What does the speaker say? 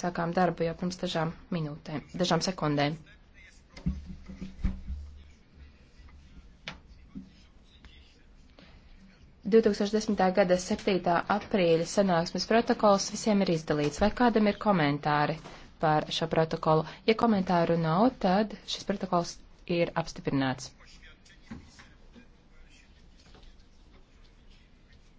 sākām darbu jau pirms dažām minūtēm, dažām sekundēm. gada 7. aprīļa sanāksmes protokols visiem ir izdalīts. Vai kādam ir komentāri par šo protokolu? Ja komentāru nav, tad šis protokols ir apstiprināts.